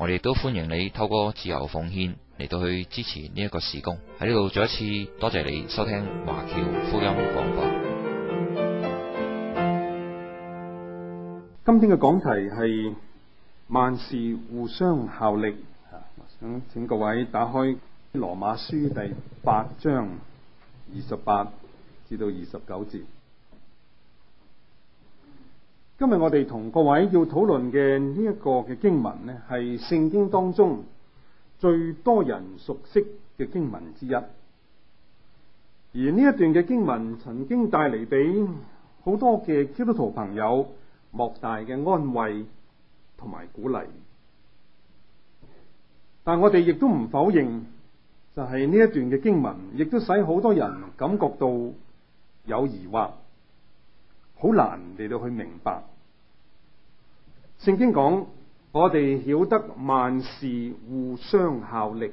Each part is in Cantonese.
我哋都歡迎你透過自由奉獻嚟到去支持呢一個事工，喺呢度再一次多謝你收聽華僑福音廣播。法今天嘅講題係萬事互相效力，想請各位打開《羅馬書》第八章二十八至到二十九節。今日我哋同各位要討論嘅呢一個嘅經文咧係聖經當中最多人熟悉嘅經文之一。而呢一段嘅經文曾經帶嚟俾好多嘅基督徒朋友莫大嘅安慰同埋鼓勵。但我哋亦都唔否認，就係呢一段嘅經文，亦都使好多人感覺到有疑惑，好難嚟到去明白。聖經講，我哋曉得萬事互相效力，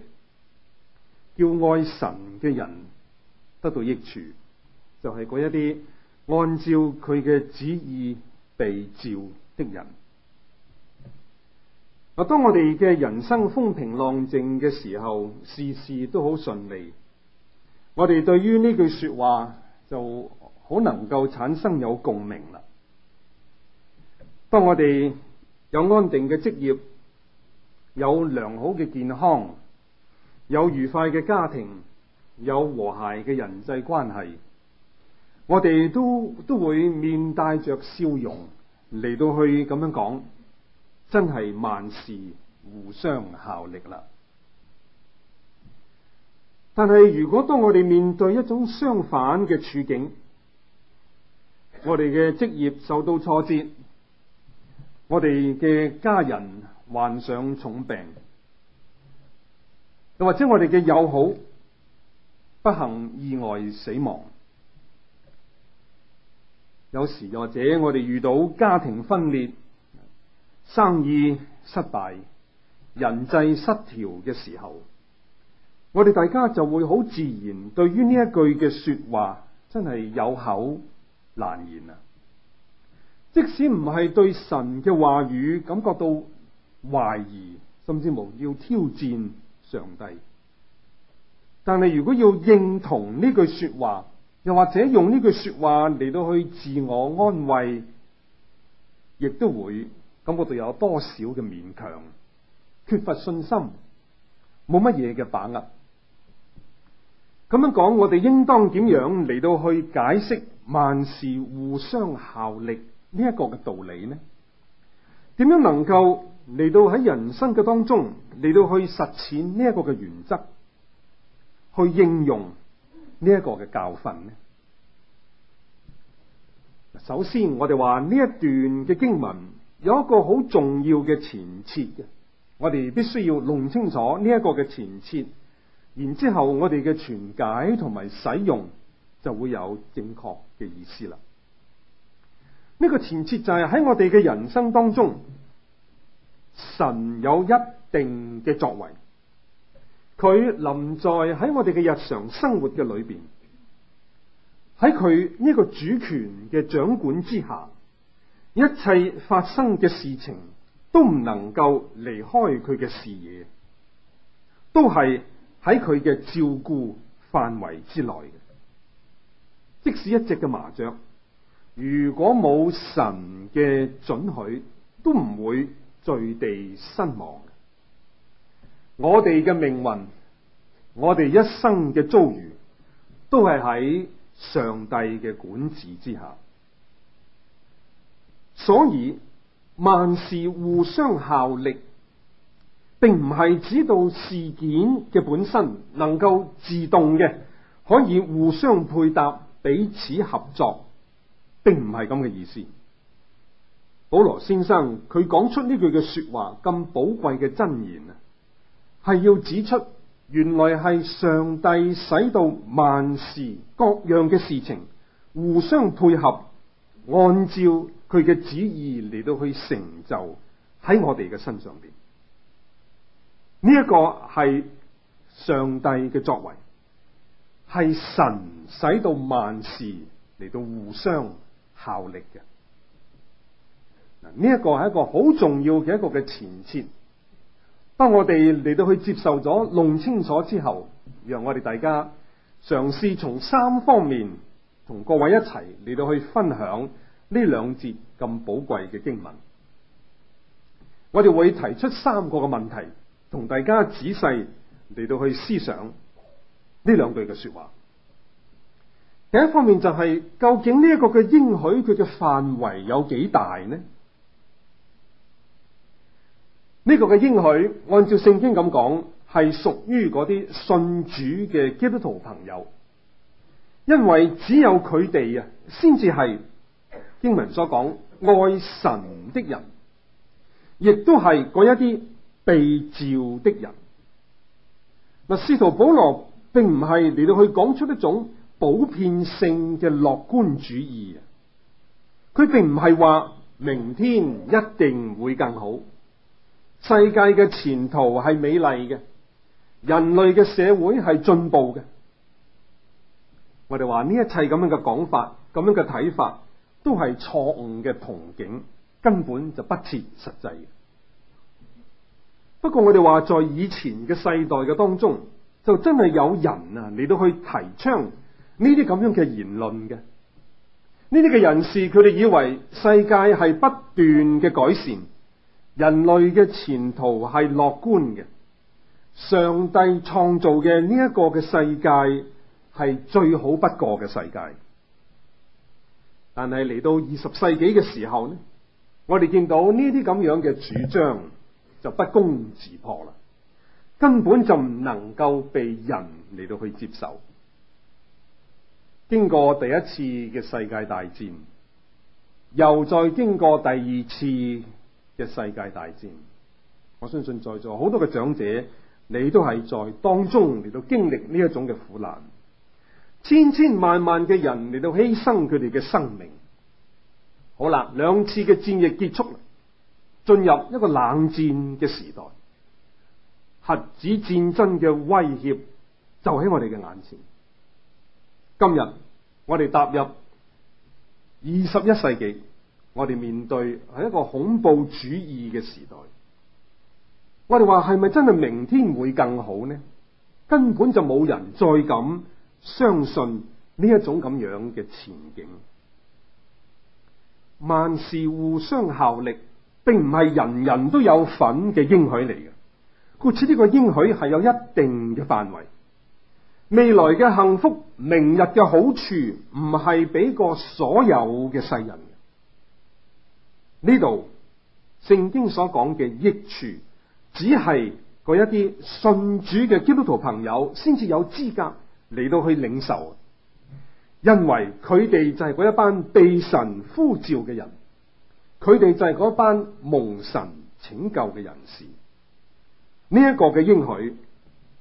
叫愛神嘅人得到益處，就係嗰一啲按照佢嘅旨意被召的人。嗱，當我哋嘅人生風平浪靜嘅時候，事事都好順利，我哋對於呢句說話就好能夠產生有共鳴啦。當我哋有安定嘅職業，有良好嘅健康，有愉快嘅家庭，有和諧嘅人際關係，我哋都都會面帶着笑容嚟到去咁樣講，真係萬事互相效力啦。但係，如果當我哋面對一種相反嘅處境，我哋嘅職業受到挫折。我哋嘅家人患上重病，又或者我哋嘅友好不幸意外死亡，有時又或者我哋遇到家庭分裂、生意失敗、人際失調嘅時候，我哋大家就會好自然對於呢一句嘅說話，真係有口難言啊！即使唔係對神嘅話語感覺到懷疑，甚至無要挑戰上帝，但係如果要認同呢句說話，又或者用呢句說話嚟到去自我安慰，亦都會感覺到有多少嘅勉強，缺乏信心，冇乜嘢嘅把握。咁樣講，我哋應當點樣嚟到去解釋萬事互相效力，呢一個嘅道理呢？點樣能夠嚟到喺人生嘅當中嚟到去實踐呢一個嘅原則，去應用呢一個嘅教訓呢？首先，我哋話呢一段嘅經文有一個好重要嘅前設嘅，我哋必須要弄清楚呢一個嘅前設，然之後我哋嘅傳解同埋使用就會有正確嘅意思啦。呢個前設就係喺我哋嘅人生當中，神有一定嘅作為，佢臨在喺我哋嘅日常生活嘅裏邊，喺佢呢個主權嘅掌管之下，一切發生嘅事情都唔能夠離開佢嘅視野，都係喺佢嘅照顧範圍之內，即使一隻嘅麻雀。如果冇神嘅准許，都唔會墜地身亡。我哋嘅命運，我哋一生嘅遭遇，都係喺上帝嘅管治之下。所以萬事互相效力，並唔係指到事件嘅本身能夠自動嘅，可以互相配搭，彼此合作。並唔係咁嘅意思。保羅先生，佢講出呢句嘅說話，咁寶貴嘅真言啊，係要指出原來係上帝使到萬事各樣嘅事情互相配合，按照佢嘅旨意嚟到去成就喺我哋嘅身上邊。呢、這、一個係上帝嘅作為，係神使到萬事嚟到互相。效力嘅嗱，呢一個係一個好重要嘅一個嘅前設，當我哋嚟到去接受咗、弄清楚之後，讓我哋大家嘗試從三方面同各位一齊嚟到去分享呢兩節咁寶貴嘅經文，我哋會提出三個嘅問題，同大家仔細嚟到去思想呢兩句嘅說話。第一方面就係、是、究竟呢一個嘅應許佢嘅範圍有幾大呢？呢、這個嘅應許按照聖經咁講，係屬於嗰啲信主嘅基督徒朋友，因為只有佢哋啊，先至係英文所講愛神的人，亦都係嗰一啲被召的人。嗱，使徒保羅並唔係嚟到去講出一種。普遍性嘅樂觀主義，佢並唔係話明天一定會更好。世界嘅前途係美麗嘅，人類嘅社會係進步嘅。我哋話呢一切咁樣嘅講法、咁樣嘅睇法，都係錯誤嘅憧憬，根本就不切實際。不過我哋話，在以前嘅世代嘅當中，就真係有人啊嚟到去提倡。呢啲咁樣嘅言論嘅，呢啲嘅人士，佢哋以為世界係不斷嘅改善，人類嘅前途係樂觀嘅，上帝創造嘅呢一個嘅世界係最好不過嘅世界。但係嚟到二十世紀嘅時候呢，我哋見到呢啲咁樣嘅主張就不攻自破啦，根本就唔能夠被人嚟到去接受。經過第一次嘅世界大戰，又再經過第二次嘅世界大戰，我相信在座好多嘅長者，你都係在當中嚟到經歷呢一種嘅苦難，千千萬萬嘅人嚟到犧牲佢哋嘅生命。好啦，兩次嘅戰役結束，進入一個冷戰嘅時代，核子戰爭嘅威脅就喺我哋嘅眼前。今日我哋踏入二十一世紀，我哋面對係一個恐怖主義嘅時代。我哋話係咪真係明天會更好呢？根本就冇人再敢相信呢一種咁樣嘅前景。萬事互相效力，並唔係人人都有份嘅應許嚟嘅。故此呢個應許係有一定嘅範圍。未來嘅幸福，明日嘅好處，唔係俾個所有嘅世人。呢度聖經所講嘅益處，只係嗰一啲信主嘅基督徒朋友先至有資格嚟到去領受，因為佢哋就係嗰一班被神呼召嘅人，佢哋就係嗰一班蒙神拯救嘅人士。呢、這、一個嘅應許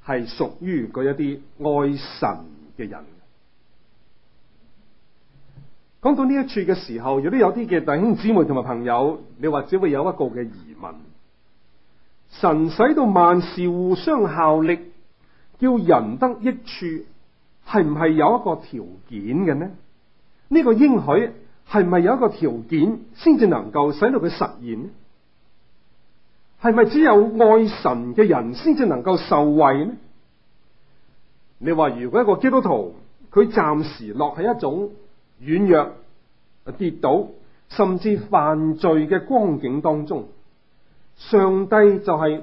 係屬於嗰一啲愛神嘅人。講到呢一處嘅時候，有啲有啲嘅弟兄姊妹同埋朋友，你或者會有一個嘅疑問：神使到萬事互相效力，叫人得益處，係唔係有一個條件嘅呢？呢、呢個應許係咪有一個條件先至能夠使到佢實現呢？係咪只有愛神嘅人先至能夠受惠呢？你話如果一個基督徒，佢暫時落喺一種軟弱、跌倒甚至犯罪嘅光景當中，上帝就係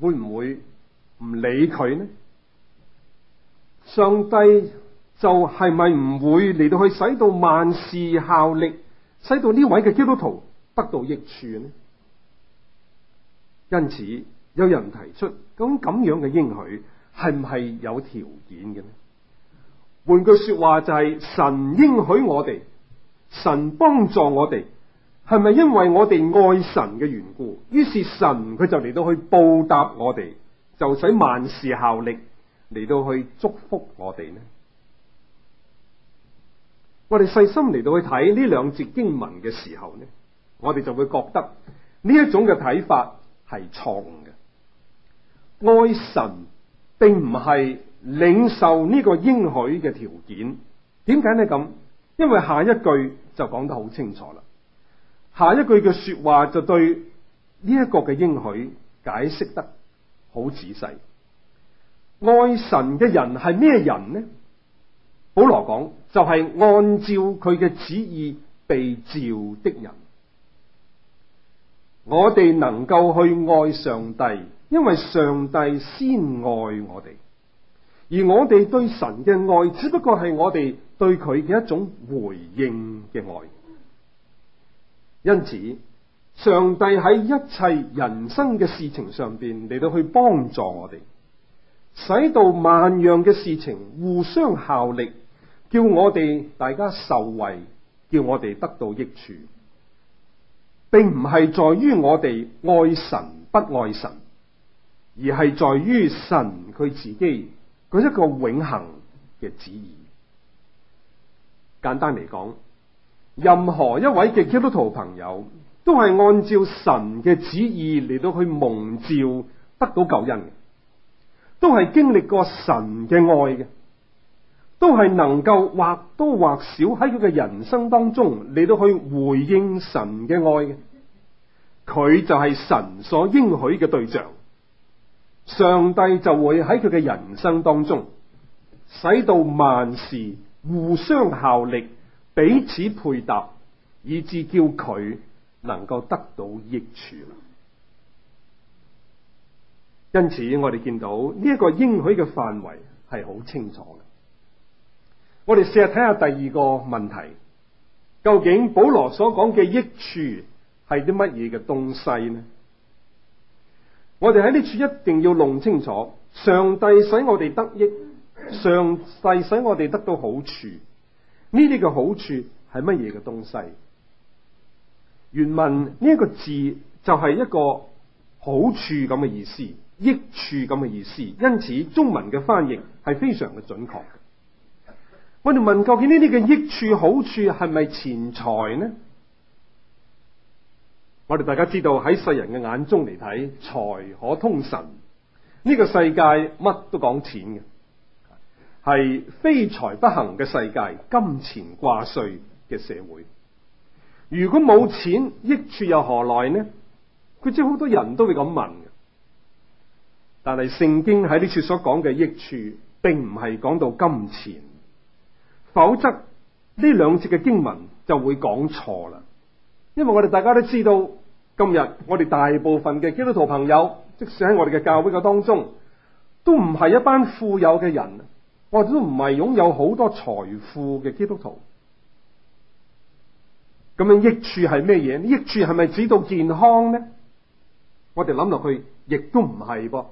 會唔會唔理佢呢？上帝就係咪唔會嚟到去使到萬事效力，使到呢位嘅基督徒得到益處呢？因此，有人提出咁咁樣嘅應許係唔係有條件嘅呢？換句說話就係、是、神應許我哋，神幫助我哋，係咪因為我哋愛神嘅緣故？於是神佢就嚟到去報答我哋，就使萬事效力嚟到去祝福我哋呢？我哋細心嚟到去睇呢兩節經文嘅時候呢，我哋就會覺得呢一種嘅睇法。係錯嘅，愛神並唔係領受呢個應許嘅條件。點解呢？咁，因為下一句就講得好清楚啦。下一句嘅說話就對呢一個嘅應許解釋得好仔細。愛神嘅人係咩人呢？保羅講就係、是、按照佢嘅旨意被召的人。我哋能夠去愛上帝，因為上帝先愛我哋，而我哋對神嘅愛，只不過係我哋對佢嘅一種回應嘅愛。因此，上帝喺一切人生嘅事情上面嚟到去幫助我哋，使到萬樣嘅事情互相效力，叫我哋大家受惠，叫我哋得到益處。並唔係在於我哋愛神不愛神，而係在於神佢自己佢一個永恆嘅旨意。簡單嚟講，任何一位嘅基督徒朋友都係按照神嘅旨意嚟到去蒙召，得到救恩，都係經歷過神嘅愛嘅，都係能夠或多或少喺佢嘅人生當中嚟到去回應神嘅愛嘅。佢就係神所應許嘅對象，上帝就會喺佢嘅人生當中，使到萬事互相效力，彼此配搭，以至叫佢能夠得到益處。因此我、這個，我哋見到呢一個應許嘅範圍係好清楚嘅。我哋試下睇下第二個問題，究竟保羅所講嘅益處，係啲乜嘢嘅東西呢？我哋喺呢處一定要弄清楚，上帝使我哋得益，上帝使我哋得到好處，呢啲嘅好處係乜嘢嘅東西？原文呢一個字就係一個好處咁嘅意思，益處咁嘅意思，因此中文嘅翻譯係非常嘅準確。我哋問究竟呢啲嘅益處好處係咪錢財呢？我哋大家知道，喺世人嘅眼中嚟睇，財可通神。呢個世界乜都講錢嘅，係非財不行嘅世界，金錢掛帥嘅社會。如果冇錢，益處又何來呢？佢知好多人都會咁問，但係聖經喺呢處所講嘅益處，並唔係講到金錢，否則呢兩節嘅經文就會講錯啦。因為我哋大家都知道，今日我哋大部分嘅基督徒朋友，即使喺我哋嘅教會嘅當中，都唔係一班富有嘅人，或者都唔係擁有好多財富嘅基督徒。咁樣，益處係咩嘢？益處係咪指到健康呢？我哋諗落去，亦都唔係噃。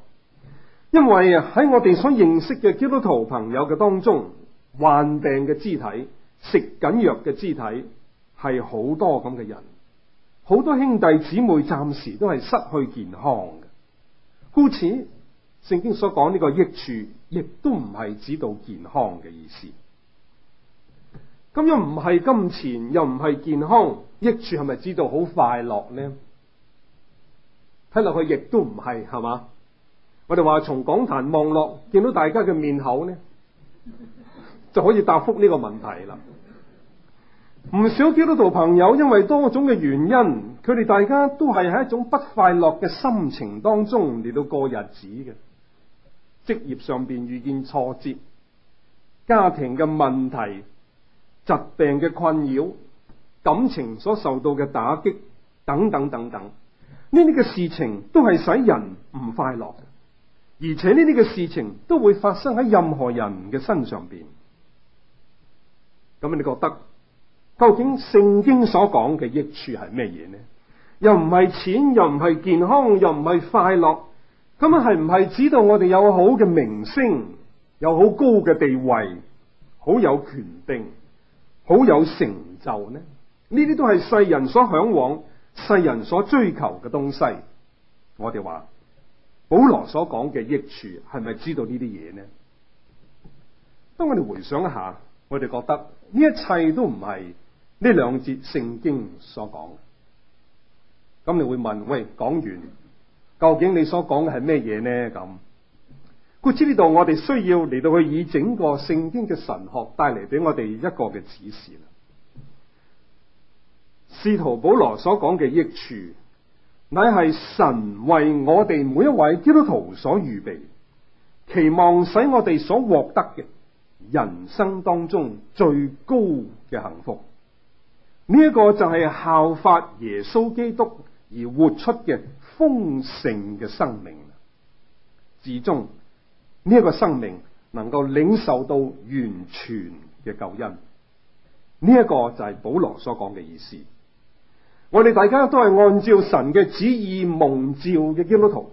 因為喺我哋所認識嘅基督徒朋友嘅當中，患病嘅肢體、食緊藥嘅肢體，係好多咁嘅人。好多兄弟姊妹暫時都係失去健康嘅，故此聖經所講呢個益處，亦都唔係指到健康嘅意思。咁樣又唔係金錢，又唔係健康，益處係咪指到好快樂呢？睇落去亦都唔係，係嘛？我哋話從講壇望落，見到大家嘅面口呢，就可以答覆呢個問題啦。唔少基督徒朋友因為多種嘅原因，佢哋大家都係喺一種不快樂嘅心情當中嚟到過日子嘅。職業上邊遇見挫折，家庭嘅問題、疾病嘅困擾、感情所受到嘅打擊，等等等等，呢啲嘅事情都係使人唔快樂。而且呢啲嘅事情都會發生喺任何人嘅身上邊。咁你覺得？究竟聖經所講嘅益處係咩嘢呢？又唔係錢，又唔係健康，又唔係快樂，咁啊係唔係指到我哋有好嘅名聲，有好高嘅地位，好有權定，好有成就呢？呢啲都係世人所向往、世人所追求嘅東西。我哋話保羅所講嘅益處係咪知道呢啲嘢呢？當我哋回想一下，我哋覺得呢一切都唔係。呢兩節聖經所講，咁你會問：喂，講完究竟你所講嘅係咩嘢呢？咁，故知呢度我哋需要嚟到去以整個聖經嘅神學帶嚟俾我哋一個嘅指示啦。使徒保羅所講嘅益處，乃係神為我哋每一位基督徒所預備，期望使我哋所獲得嘅人生當中最高嘅幸福。呢一個就係效法耶穌基督而活出嘅豐盛嘅生命，至終呢一個生命能夠領受到完全嘅救恩。呢一個就係保羅所講嘅意思。我哋大家都係按照神嘅旨意蒙召嘅基督徒，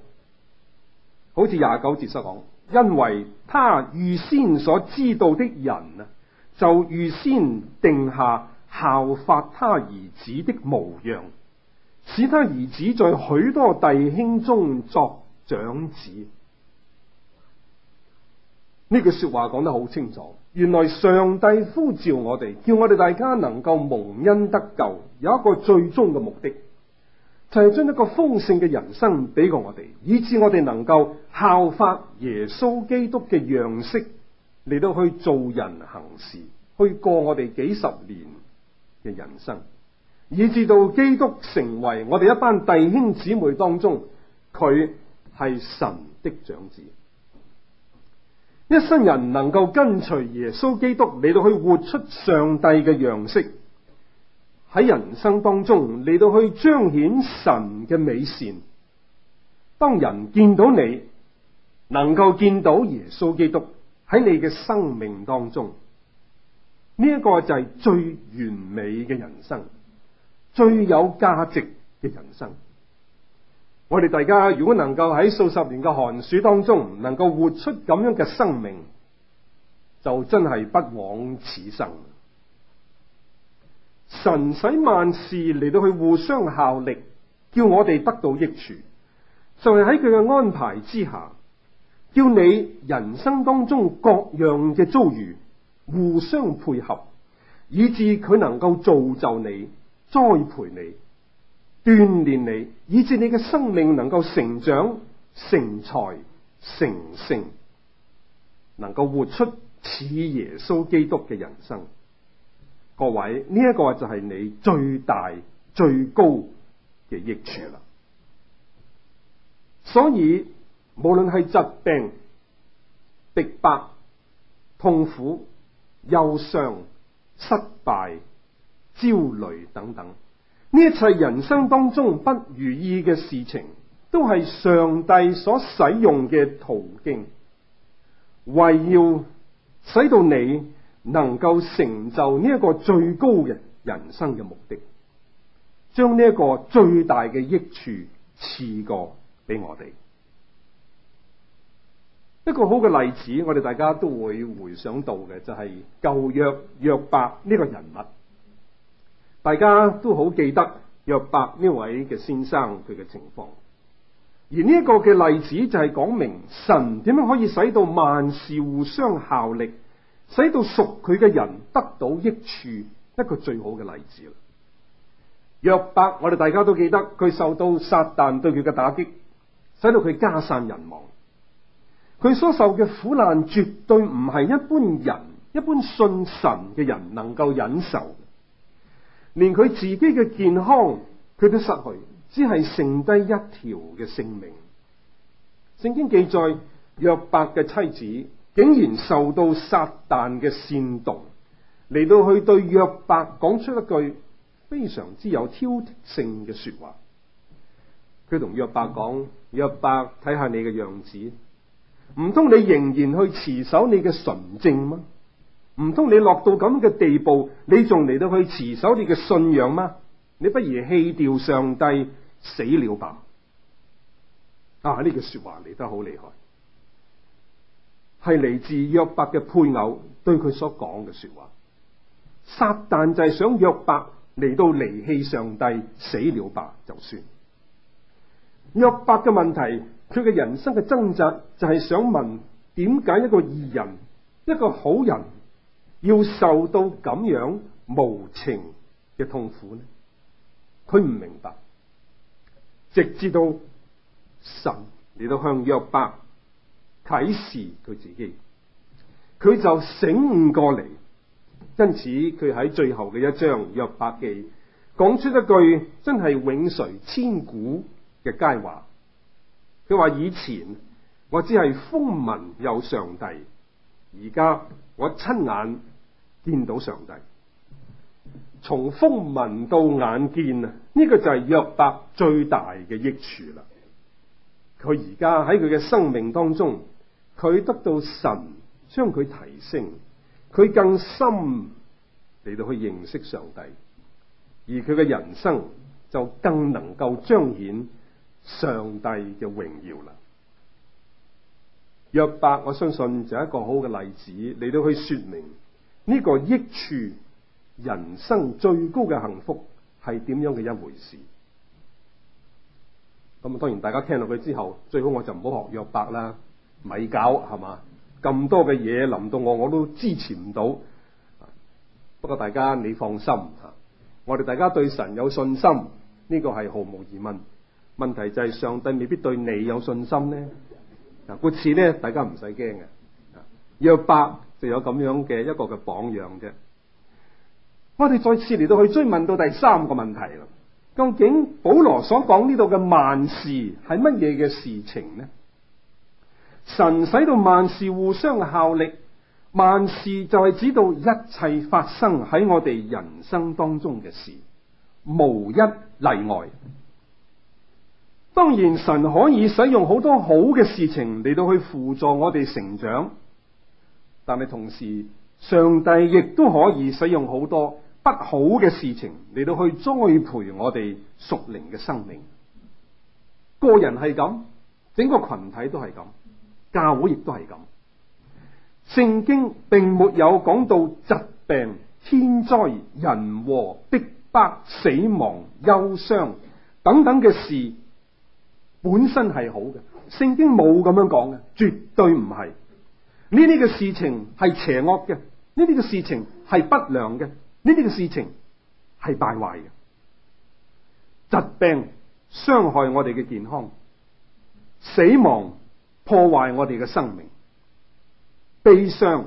好似廿九節所講，因為他預先所知道的人啊，就預先定下。效法他兒子的模樣，使他兒子在許多弟兄中作長子。呢句說話講得好清楚。原來上帝呼召我哋，叫我哋大家能夠蒙恩得救，有一個最終嘅目的，就係將一個豐盛嘅人生俾過我哋，以致我哋能夠效法耶穌基督嘅樣式嚟到去做人行事，去過我哋幾十年嘅人生，以至到基督成為我哋一班弟兄姊妹當中，佢係神的長子。一生人能夠跟隨耶穌基督，嚟到去活出上帝嘅樣式，喺人生當中嚟到去彰顯神嘅美善。當人見到你，能夠見到耶穌基督喺你嘅生命當中。呢一個就係最完美嘅人生，最有價值嘅人生。我哋大家如果能夠喺數十年嘅寒暑當中，能夠活出咁樣嘅生命，就真係不枉此生。神使萬事嚟到去互相效力，叫我哋得到益處，就係喺佢嘅安排之下，叫你人生當中各樣嘅遭遇。互相配合，以致佢能夠造就你、栽培你、鍛煉你，以致你嘅生命能夠成長、成才、成聖，能夠活出似耶穌基督嘅人生。各位，呢、這、一個就係你最大、最高嘅益處啦。所以，無論係疾病、逼迫、痛苦、憂傷、失敗、焦慮等等，呢一切人生當中不如意嘅事情，都係上帝所使用嘅途徑，為要使到你能夠成就呢一個最高嘅人，人生嘅目的，將呢一個最大嘅益處賜過俾我哋。一個好嘅例子，我哋大家都會回想到嘅，就係、是、舊約約伯呢個人物，大家都好記得約伯呢位嘅先生佢嘅情況。而呢一個嘅例子就係講明神點樣可以使到萬事互相效力，使到屬佢嘅人得到益處，一個最好嘅例子啦。約伯，我哋大家都記得佢受到撒但對佢嘅打擊，使到佢家散人亡。佢所受嘅苦難絕對唔係一般人、一般信神嘅人能夠忍受，連佢自己嘅健康佢都失去，只係剩低一條嘅性命。聖經記載，約伯嘅妻子竟然受到撒旦嘅煽動，嚟到去對約伯講出一句非常之有挑剔性嘅說話。佢同約伯講：「約伯，睇下你嘅樣子。唔通你仍然去持守你嘅純正嗎？唔通你落到咁嘅地步，你仲嚟到去持守你嘅信仰嗎？你不如棄掉上帝，死了吧！啊，呢句說話嚟得好厲害，係嚟自約伯嘅配偶對佢所講嘅說話。撒旦就係想約伯嚟到離棄上帝，死了吧就算。約伯嘅問題。佢嘅人生嘅掙扎就係、是、想問：點解一個義人、一個好人要受到咁樣無情嘅痛苦呢？佢唔明白，直至到神嚟到向約伯啟示佢自己，佢就醒悟過嚟。因此，佢喺最後嘅一章約伯記講出一句真係永垂千古嘅佳話。佢話，以前我只係風聞有上帝，而家我親眼見到上帝。從風聞到眼見啊，呢個就係約伯最大嘅益處啦。佢而家喺佢嘅生命當中，佢得到神將佢提升，佢更深嚟到去認識上帝，而佢嘅人生就更能夠彰顯上帝嘅榮耀啦，約伯，我相信就係一個好嘅例子，你都可以說明呢個益處，人生最高嘅幸福係點樣嘅一回事。咁啊，當然大家聽落去之後，最好我就唔好學約伯啦，咪搞係嘛，咁多嘅嘢臨到我，我都支持唔到。不過大家你放心吓，我哋大家對神有信心，呢個係毫無疑問。問題就係上帝未必對你有信心呢。嗱，故此咧，大家唔使驚嘅。約伯就有咁樣嘅一個嘅榜樣嘅。我哋再次嚟到去追問到第三個問題啦。究竟保羅所講呢度嘅萬事係乜嘢嘅事情呢？神使到萬事互相效力，萬事就係指到一切發生喺我哋人生當中嘅事，無一例外。當然，神可以使用好多好嘅事情嚟到去輔助我哋成長，但係同時，上帝亦都可以使用好多不好嘅事情嚟到去栽培我哋屬靈嘅生命。個人係咁，整個群體都係咁，教會亦都係咁。聖經並沒有講到疾病、天災、人禍、逼迫、死亡、憂傷等等嘅事。本身係好嘅，聖經冇咁樣講嘅，絕對唔係，呢啲嘅事情係邪惡嘅，呢啲嘅事情係不良嘅，呢啲嘅事情係敗壞嘅。疾病傷害我哋嘅健康，死亡破壞我哋嘅生命，悲傷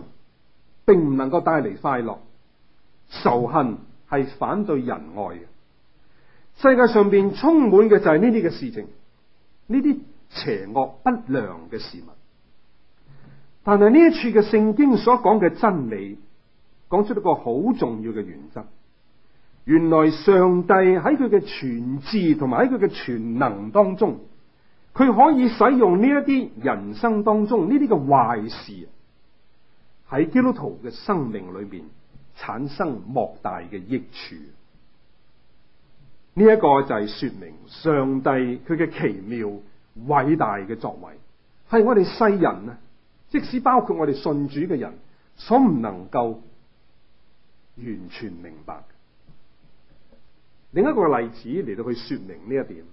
並唔能夠帶嚟快樂，仇恨係反對人愛嘅。世界上邊充滿嘅就係呢啲嘅事情。呢啲邪惡不良嘅事物，但係呢一處嘅聖經所講嘅真理，講出一個好重要嘅原則。原來上帝喺佢嘅全智同埋喺佢嘅全能當中，佢可以使用呢一啲人生當中呢啲嘅壞事，喺基督徒嘅生命裏邊產生莫大嘅益處。呢一個就係說明上帝佢嘅奇妙偉大嘅作為，係我哋世人啊，即使包括我哋信主嘅人，所唔能夠完全明白。另一個例子嚟到去說明呢一點，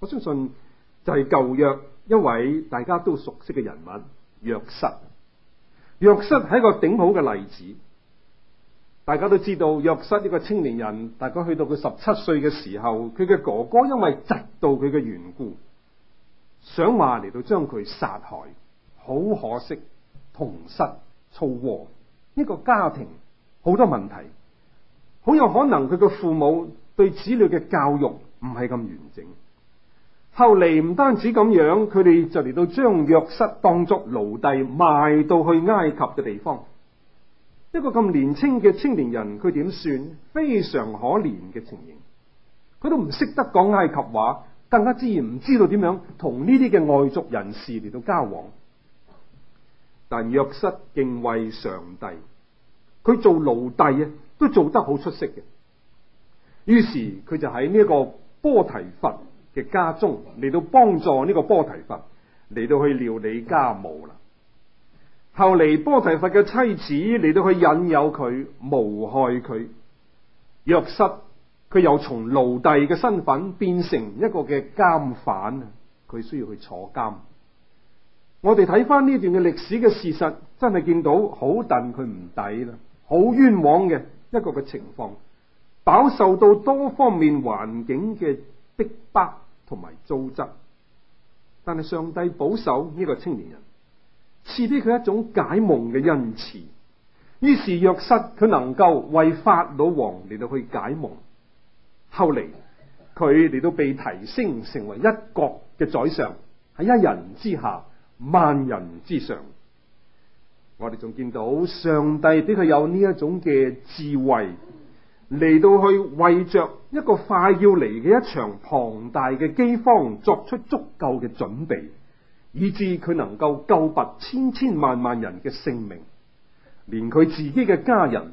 我相信就係舊約一位大家都熟悉嘅人物約瑟，約瑟係一個頂好嘅例子。大家都知道，約瑟一個青年人，大概去到佢十七歲嘅時候，佢嘅哥哥因為嫉妒佢嘅緣故，想話嚟到將佢殺害。好可惜，同室操戈，一個家庭好多問題，好有可能佢嘅父母對子女嘅教育唔係咁完整。後嚟唔單止咁樣，佢哋就嚟到將約瑟當作奴隸賣到去埃及嘅地方。一個咁年輕嘅青年人，佢點算？非常可憐嘅情形，佢都唔識得講埃及話，更加自然唔知道點樣同呢啲嘅外族人士嚟到交往。但約瑟敬畏上帝，佢做奴隸啊，都做得好出色嘅。於是佢就喺呢個波提佛嘅家中嚟到幫助呢個波提佛嚟到去料理家務啦。後嚟，波提乏嘅妻子嚟到去引誘佢，謀害佢。約瑟，佢又從奴隸嘅身份變成一個嘅監犯，佢需要去坐監。我哋睇翻呢段嘅歷史嘅事實，真係見到好戥佢唔抵啦，好冤枉嘅一個嘅情況，飽受到多方面環境嘅逼迫同埋糟質。但係上帝保守呢、這個青年人。賜俾佢一種解夢嘅恩賜，於是約瑟佢能夠為法老王嚟到去解夢。後嚟佢哋都被提升成為一國嘅宰相，喺一人之下，萬人之上。我哋仲見到上帝俾佢有呢一種嘅智慧，嚟到去為着一個快要嚟嘅一場龐大嘅饑荒作出足夠嘅準備。以致佢能夠救拔千千萬萬人嘅性命，連佢自己嘅家人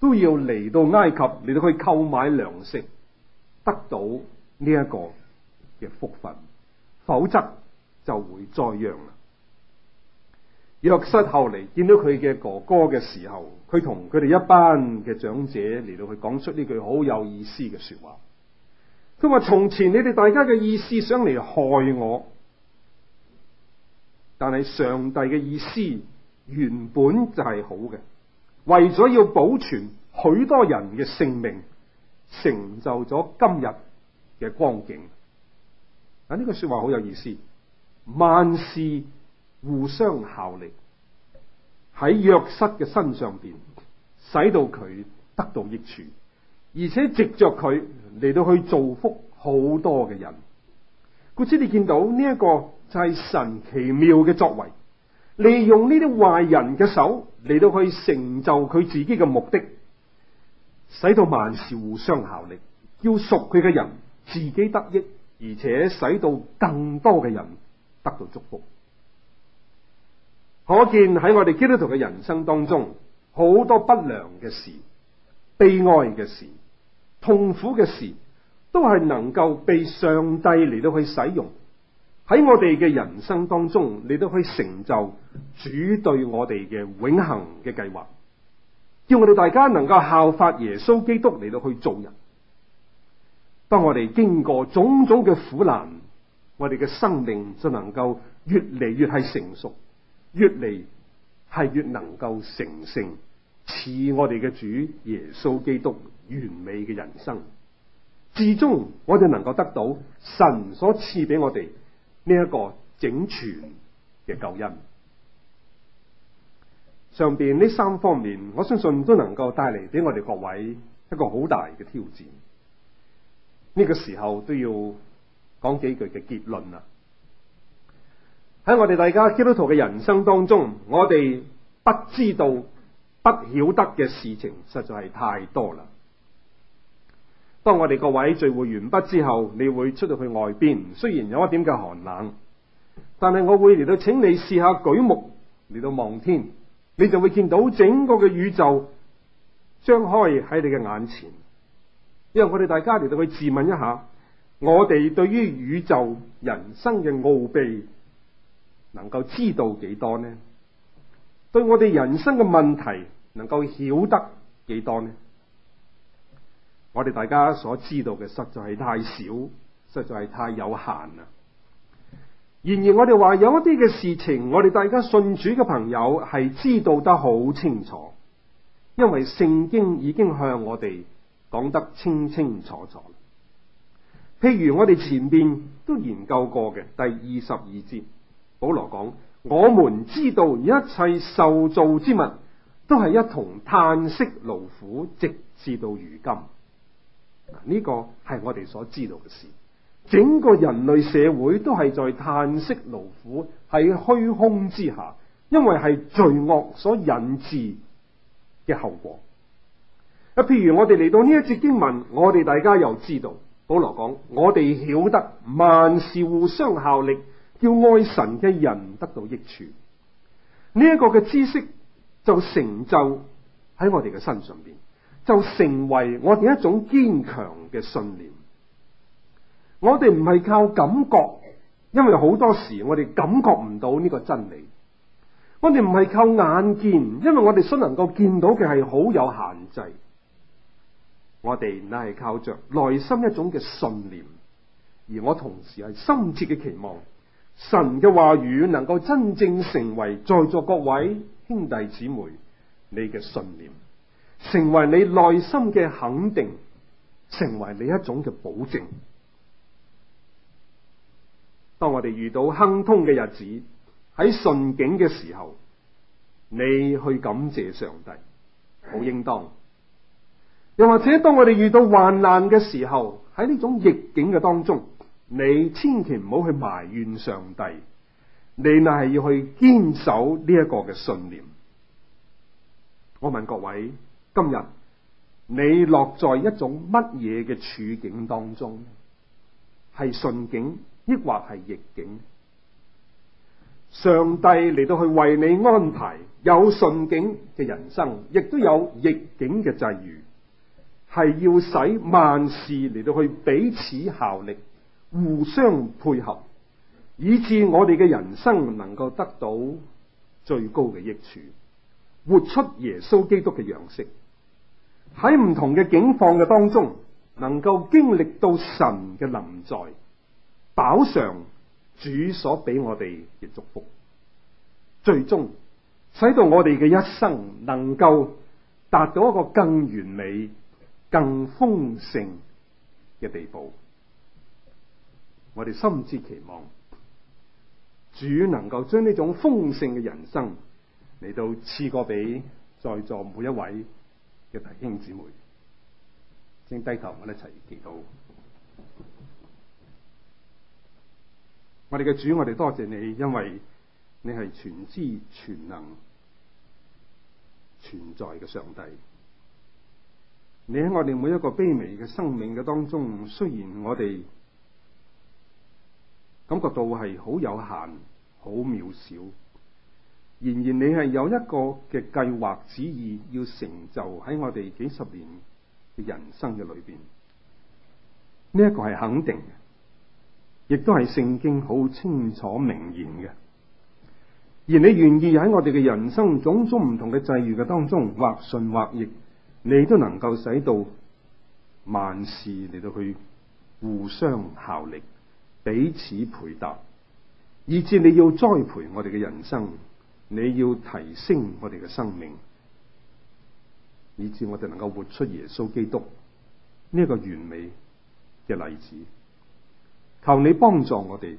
都要嚟到埃及嚟到去購買糧食，得到呢一個嘅福分，否則就會災殃啦。約瑟後嚟見到佢嘅哥哥嘅時候，佢同佢哋一班嘅長者嚟到去講出呢句好有意思嘅說話。佢話：從前你哋大家嘅意思想嚟害我。但係上帝嘅意思原本就係好嘅，為咗要保存許多人嘅性命，成就咗今日嘅光景。啊，呢個說話好有意思，萬事互相效力，喺約瑟嘅身上邊，使到佢得到益處，而且藉着佢嚟到去造福好多嘅人。故此，你見到呢一、這個。就係神奇妙嘅作為，利用呢啲壞人嘅手嚟到去成就佢自己嘅目的，使到萬事互相效力，要屬佢嘅人自己得益，而且使到更多嘅人得到祝福。可見喺我哋基督徒嘅人生當中，好多不良嘅事、悲哀嘅事、痛苦嘅事，都係能夠被上帝嚟到去使用。喺我哋嘅人生當中，你都可以成就主對我哋嘅永恒嘅計劃，要我哋大家能夠效法耶穌基督嚟到去做人。當我哋經過種種嘅苦難，我哋嘅生命就能夠越嚟越係成熟，越嚟係越能夠成聖，賜我哋嘅主耶穌基督完美嘅人生，至終我哋能夠得到神所賜俾我哋。呢一個整全嘅救恩，上面呢三方面，我相信都能夠帶嚟俾我哋各位一個好大嘅挑戰。呢個時候都要講幾句嘅結論啦。喺我哋大家基督徒嘅人生當中，我哋不知道、不曉得嘅事情實在係太多啦。當我哋各位聚會完畢之後，你會出到去外邊，雖然有一點嘅寒冷，但係我會嚟到請你試下舉目嚟到望天，你就會見到整個嘅宇宙張開喺你嘅眼前。因為我哋大家嚟到去自問一下，我哋對於宇宙、人生嘅奧秘能夠知道幾多呢？對我哋人生嘅問題能夠曉得幾多呢？我哋大家所知道嘅實在係太少，實在係太有限啦。然而，我哋話有一啲嘅事情，我哋大家信主嘅朋友係知道得好清楚，因為聖經已經向我哋講得清清楚楚。譬如我哋前面都研究過嘅第二十二節，保羅講：「我們知道一切受造之物都係一同嘆息勞苦，直至到如今。呢個係我哋所知道嘅事，整個人類社會都係在嘆息勞苦喺虛空之下，因為係罪惡所引致嘅後果。啊，譬如我哋嚟到呢一節經文，我哋大家又知道保羅講，我哋曉得萬事互相效力，叫愛神嘅人得到益處。呢一個嘅知識就成就喺我哋嘅身上邊。就成為我哋一種堅強嘅信念。我哋唔係靠感覺，因為好多時我哋感覺唔到呢個真理。我哋唔係靠眼見，因為我哋所能夠見到嘅係好有限制。我哋乃係靠着內心一種嘅信念，而我同時係深切嘅期望，神嘅話語能夠真正成為在座各位兄弟姊妹你嘅信念。成為你內心嘅肯定，成為你一種嘅保證。當我哋遇到亨通嘅日子，喺順境嘅時候，你去感謝上帝，好應當。又或者當我哋遇到患難嘅時候，喺呢種逆境嘅當中，你千祈唔好去埋怨上帝，你乃係要去堅守呢一個嘅信念。我問各位。今日你落在一種乜嘢嘅處境當中，係順境抑或係逆境？上帝嚟到去為你安排有順境嘅人生，亦都有逆境嘅際遇，係要使萬事嚟到去彼此效力，互相配合，以致我哋嘅人生能夠得到最高嘅益處，活出耶穌基督嘅樣式。喺唔同嘅境況嘅當中，能夠經歷到神嘅臨在，飽嘗主所俾我哋嘅祝福，最終使到我哋嘅一生能夠達到一個更完美、更豐盛嘅地步。我哋深切期望主能夠將呢種豐盛嘅人生嚟到賜過俾在座每一位嘅弟兄姊妹，正低頭，我哋一齊祈禱。我哋嘅主，我哋多謝你，因為你係全知全能存在嘅上帝。你喺我哋每一個卑微嘅生命嘅當中，雖然我哋感覺到係好有限、好渺小。然而你係有一個嘅計劃旨意，要成就喺我哋幾十年嘅人生嘅裏邊。呢、這、一個係肯定嘅，亦都係聖經好清楚明言嘅。而你願意喺我哋嘅人生種種唔同嘅際遇嘅當中，或順或逆，你都能夠使到萬事嚟到去互相效力，彼此配搭，以致你要栽培我哋嘅人生。你要提升我哋嘅生命，以至我哋能夠活出耶穌基督呢個完美嘅例子。求你幫助我哋，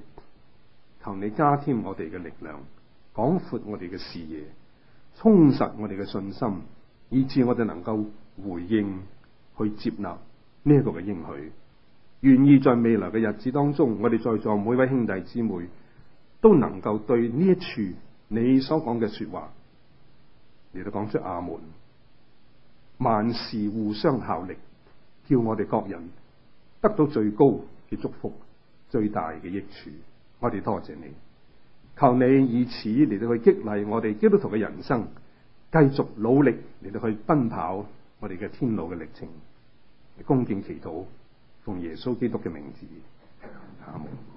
求你加添我哋嘅力量，廣闊我哋嘅視野，充實我哋嘅信心，以致我哋能夠回應去接納呢一個嘅應許。願意在未來嘅日子當中，我哋在座每位兄弟姊妹都能夠對呢一處。你所講嘅說話，嚟到講出阿們，萬事互相效力，叫我哋各人得到最高嘅祝福、最大嘅益處。我哋多謝你，求你以此嚟到去激勵我哋基督徒嘅人生，繼續努力嚟到去奔跑我哋嘅天路嘅歷程，恭敬祈禱，奉耶穌基督嘅名字，阿們。